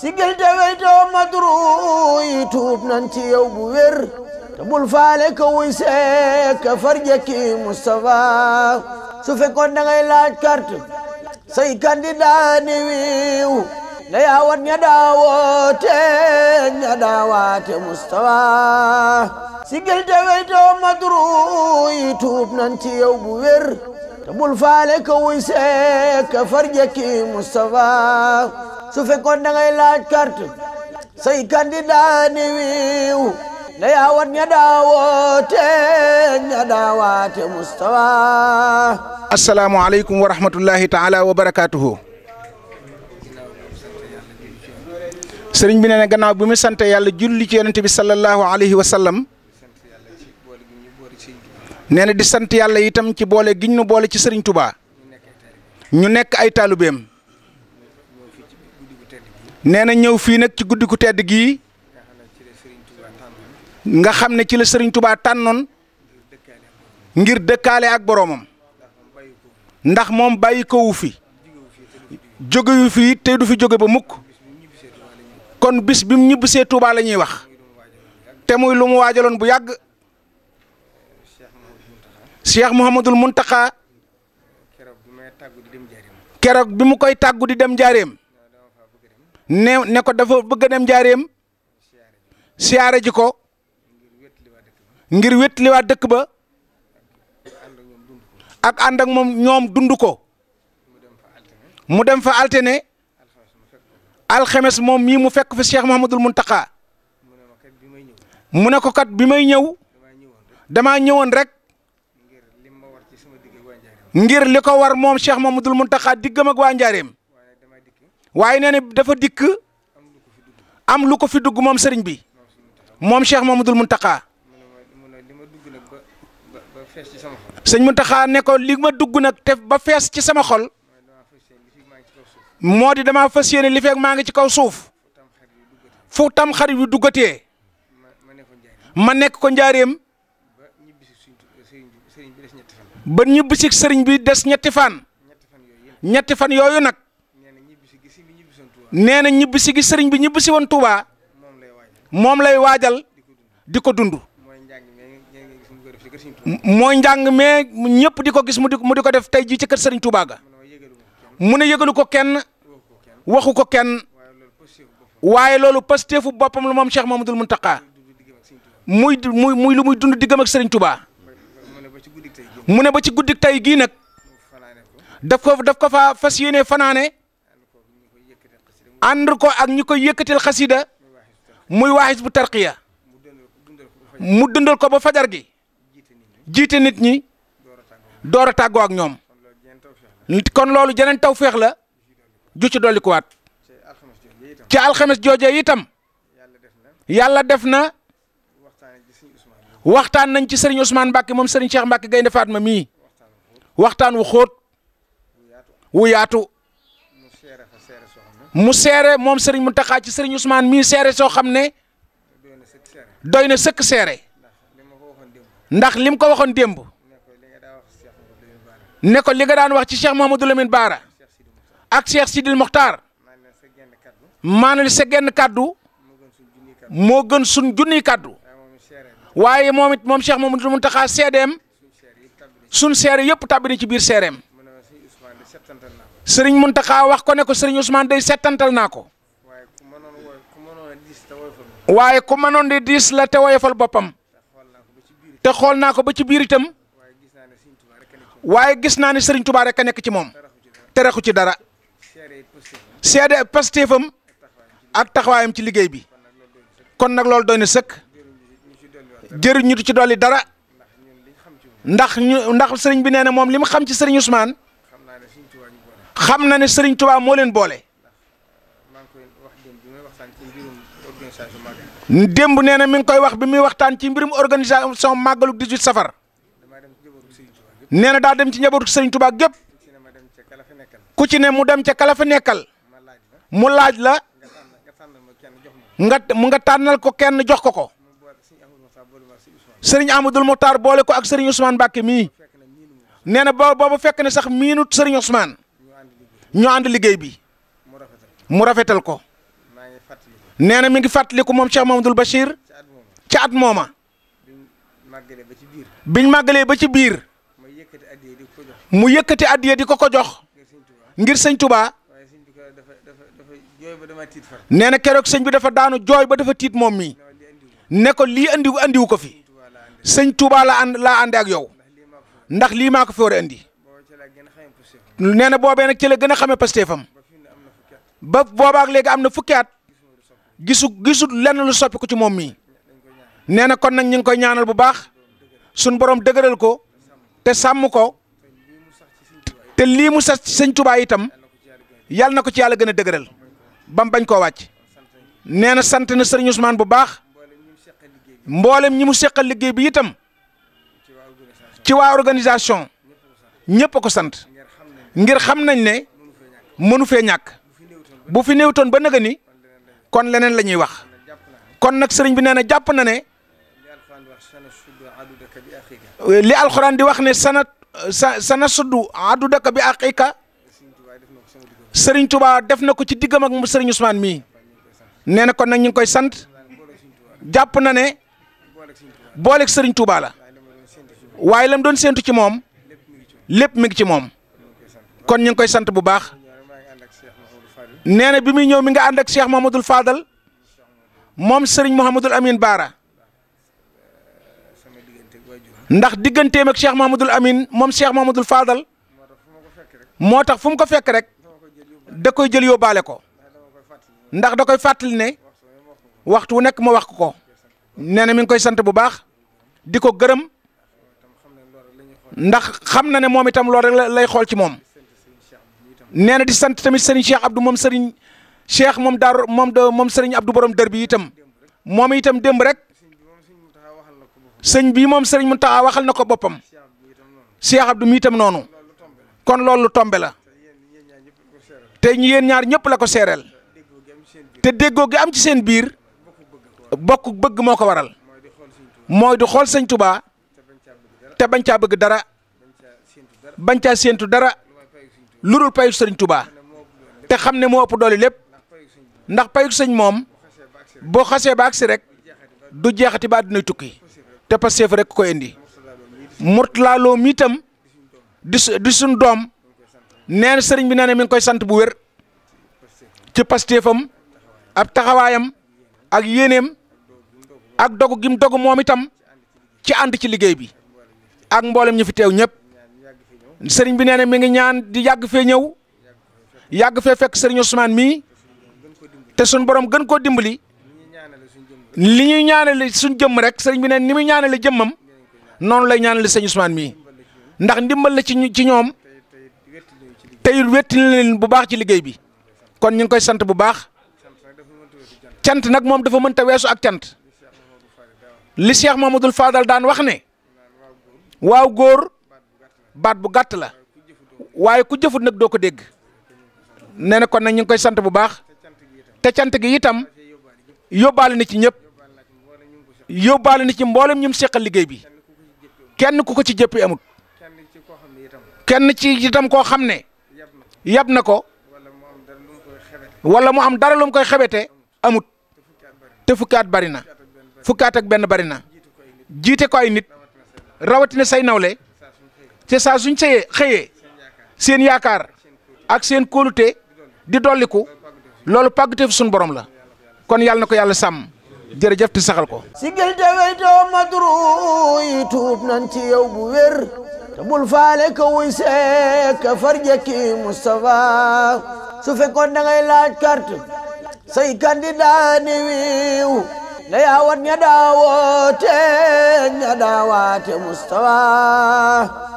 sigil te weytoo madru yi tuub nan ci bu wér te bul faale ka wuy ka farjaki Moustapha su fekkoon da ngay laaj carte say candidat wiiw na yaawat ña daawoote ña sigil te weytoo madru yi tuub nan ci yow bu wér te bul faale ko wuy seek ka farje ki Moustapha su fekkoon da ngay laaj carte say candidat ni wiiw na yaa wat ña daawoote ña daawaate Moustapha asalaamualeykum wa rahmatullahi taala wa barakaatuhu sëriñ bi ne gannaaw bi mu sante yàlla julli ci yonente bi sallallahu wa sallam nee na di sant yàlla itam ci boole giñ nu boole ci sëriñ tubaa ñu nekk ay taalibeem nee na ñëw fii nag ci guddi ku tedd gii nga xam ne ci la sëriñ tubaa tànnoon ngir dëkkaale ak boroomam ndax moom bàyyi ko wu fi jóge fii fi te du fi jóge ba mukk kon bis bi mu ñibbisee tubaa lañuy wax te muy lu mu waajaloon bu yàgg. Cheikh Mouhamadul Mountakha keroog bi mu koy tàggu di dem jaareem ne ne ko dafa bëgg a dem jaareem siyaare ji ko ngir wétli waa dëkk ba ak ànd ak ñoom dund ko mu dem fa altine alxemes moom mii mu fekk fa Cheikh Mouhamadul Mountakha mu ne ko kat bi may ñëw damaa ñëwoon rek. ngir liko war mom Cheikh mamadou Muntaxa digam ak wa Njaareem waye nee dafa dik am lu ko fi dug mom serigne bi muntaka. Cheikh muntaka neko serigne Muntaxa ne ko li ma ba fess ci sama xol modi di fassiyene li fek ma nga ci kaw souf fu tam xarit bi dugate ma nek ko ba ñibbi ci sëriñ bi dess ñetti fan ñetti fan yoyu nak neena na ñibbi gi sëriñ bi ñibbi ci won Touba mom lay wajal diko dundu moy jang me ñepp diko gis mu diko mu def tay ji ci keur serigne Touba ga mu ne yëgalu ko kenn waxu ko kenn waye lolu pastefu bopam lu mom Cheikh Mamadou muntaka muy muy muy lu muy dund digam ak serigne Touba. mu ne ba ci guddik tey gii nag daf ko daf ko fa fas yéene fanaane ànd ko ak ñi koy yëkkatil xasida muy waa Hizbut Tarqiyyah mu dundal ko ba fajar gi jiite nit ñi door a tàggoo ak ñoom kon loolu jeneen taw féex la ju ci dolli kuwaat ci alxames jooje itam yàlla def na waxtaan nañ ci sëriñ Ousmane Mbacke moom sëriñ Cheikh Mbacke Gaynde Fatma mii waxtaan wu xóot wu yaatu mu seere moom sëriñ mu Mountakha ci sëriñ Ousmane mii seere soo xam ne doy na sëkk seere ndax li mu ko waxoon démb ne ko li nga daan wax ci Cheikh Mouhamadou Lamine Baara ak Cheikh Sidil Mokhtar maanaam sa genn kàddu moo gën suñ junniy kàddu waaye moom it moom Cheikh Mamadou Muntaxa seedeem sun seere yëpp tàbbi na ci biir seereem mun Muntaxa wax ko ne ko sëriñ Ousmane day settantal naa ko waaye ku mënoon di diis la te woyofal boppam te xool naa ko ba ci biir itam waaye gis naa ne sëriñ Tuubaa rek a nekk ci moom te raxu ci dara seede pastéefam ak taxawaayam ci liggéey bi kon nag loolu doy na sëkk. jëriñu ci dolli dara ndax ñu ndax sëriñ bi nee na moom li mu xam ci sëriñ Ousmane xam na ne sëriñ Touba moo leen boole. démb nee na mi ngi koy wax bi muy waxtaan ci mbirum organisation màggalu 18 safar nee na daa dem ci njabootu sëriñ Touba gépp ku ci ne mu dem ca kala fa nekkal mu laaj la nga mu nga tànnal ko kenn jox ko ko. sëriñ Amadou Moutar boole ko ak sëriñ Ousmane Mbacke mii nee na boo booba fekk ne sax miinut sëriñ Ousmane ñoo ànd liggéey bi mu rafetal ko nee na mi ngi fàttaliku moom Cheikh Mamadou Bachir ca at mooma biñ màggalee ba ci biir mu yëkkati addiya di ko ko jox ngir sëñ Touba nee na keroog sëñ bi dafa daanu jooy ba dafa tiit moom mi ne ko lii andiwu andiwu ko fi sëñ Touba la ànd laa àndee ak yow ndax lii maa ko fi war a nee na boobee nag ci la gën a xamee pasteefam ba boobaak léegi am na fukki at gisu gisul lenn lu soppi ko ci moom mii nee na kon nag ñu ngi koy ñaanal bu baax suñ borom dëgëral ko te sàmm ko te lii mu sas sëñ yitam itam yàlla na ko ci yàlla gën a dëgëral bam bañ koo wàcc nee na sant na sëriñ bu baax. mbooleem ñi mu seqal liggéey bi itam ci waa organisation ñëpp ko sant ngir xam nañ ne mënu fee ñàkk bu fi néewtoon ba naga ni kon leneen la ñuy wax kon nag sëriñ bi nee na jàpp na ne li alxuraan di wax ne sana sa sana suddu addu daka bi aqiqa sëriñ Touba def na ko ci diggam ak sëriñ Ousmane mii nee na kon nag ñu ngi koy sant jàpp na ne booleek sëriñ Touba la waaye lam doon séentu ci moom lépp mi ngi ci moom kon ñu ngi koy sant bu baax nee na bi muy ñëw mi nga ànd seex Cheikh faadal moom sëriñ Mouhamadul Amine Baara ndax digganteem ak Cheikh Mouhamadul Amine moom Cheikh Mouhamadul Fadal moo tax fu mu ko fekk rek da koy jël yóbbaale ko ndax da koy fàttali ne waxtu wu nekk ma wax ko nee na mi ngi koy sant bu baax. di ko gërëm ndax xam na ne moom itam loolu rek lay xool ci moom nee na di sant tamit sëriñ Cheikh Abdou moom sëriñ Cheikh moom daar moom de moom sëriñ abdu borom dër bi itam moom itam demb rek sëñ bi moom sëriñ tax a waxal na ko boppam Cheikh Abdou mi itam noonu kon loolu tombe la te ñu yéen ñaar ñëpp la ko seereel te déggoo gi am ci seen biir bokk bëgg moo ko waral. mooy du xool sëñ Tuubaa te bañ caa bëgg dara bañ caa séentu dara lu dul payu sëriñ Tuubaa te xam ne moo ëpp doole lépp ndax payu sëñ moom boo xasee ba agsi rek du jeexati ba àddunay tukki te Pastef rek ko indi Mourtala Lo mi itam di suñ doom nee na sëriñ bi nee na mi ngi koy sant bu wér ci Pastefam ab taxawaayam ak yéeneem ak dogu gim dogu moom itam ci and ci liggey bi ak mboolem ñu fi tew ñep serign bi neena mi ngi ñaan di yag fe ñew yag fe fek serign Ousmane mi te sun borom gën ko dimbali li ñuy ñaanale suñ jëm rek serign bi neen ni mi ñaanale jëmam non lay ñaanale serign Ousmane mi ndax ndimbal la ci ci ñom tay wetti leen bu baax ci liggey bi kon ñu koy sante bu baax tiant nak mom dafa ta wessu ak tiant li Cheikh Mamadou Fadal daan wax ne waaw góor baat bu gàtt la waaye ku jëfut nag doo ko dégg nee na kon nag ñu koy sant bu baax te cant gi itam yóbbaale na ci ñëpp yóbbaale na ci mboolem ñum seqal liggéey bi kenn ku ko ci jëppi amut kenn ci itam koo xam ne yab na ko wala mu am dara lu koy xebete amut te fukki at bari na. fukkaat ak benn bari na jiite ko ay nit rawatina say nawle te saa suñ sëyee xëyee seen yaakaar ak seen kóolute di dolliku loolu pàggateef suñu borom la kon yàlla na ko yàlla sàmm jërëjëf ti saxal ko sigil te weytoo madru yi tuub nan ci wér te faale ko wuy seek farjëkki su fekkoon da laaj carte say candidat la yawat ña daawote eh, ña daawaate eh, Mustafa